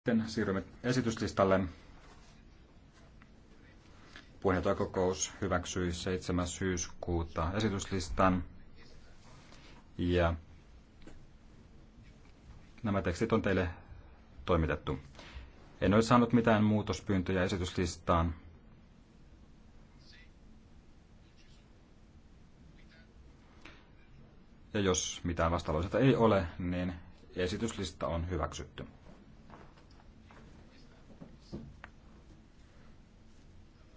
Sitten siirrymme esityslistalle. Puheenjohtajakokous hyväksyi 7. syyskuuta esityslistan. Ja nämä tekstit on teille toimitettu. En ole saanut mitään muutospyyntöjä esityslistaan. Ja jos mitään vastalauseita ei ole, niin esityslista on hyväksytty.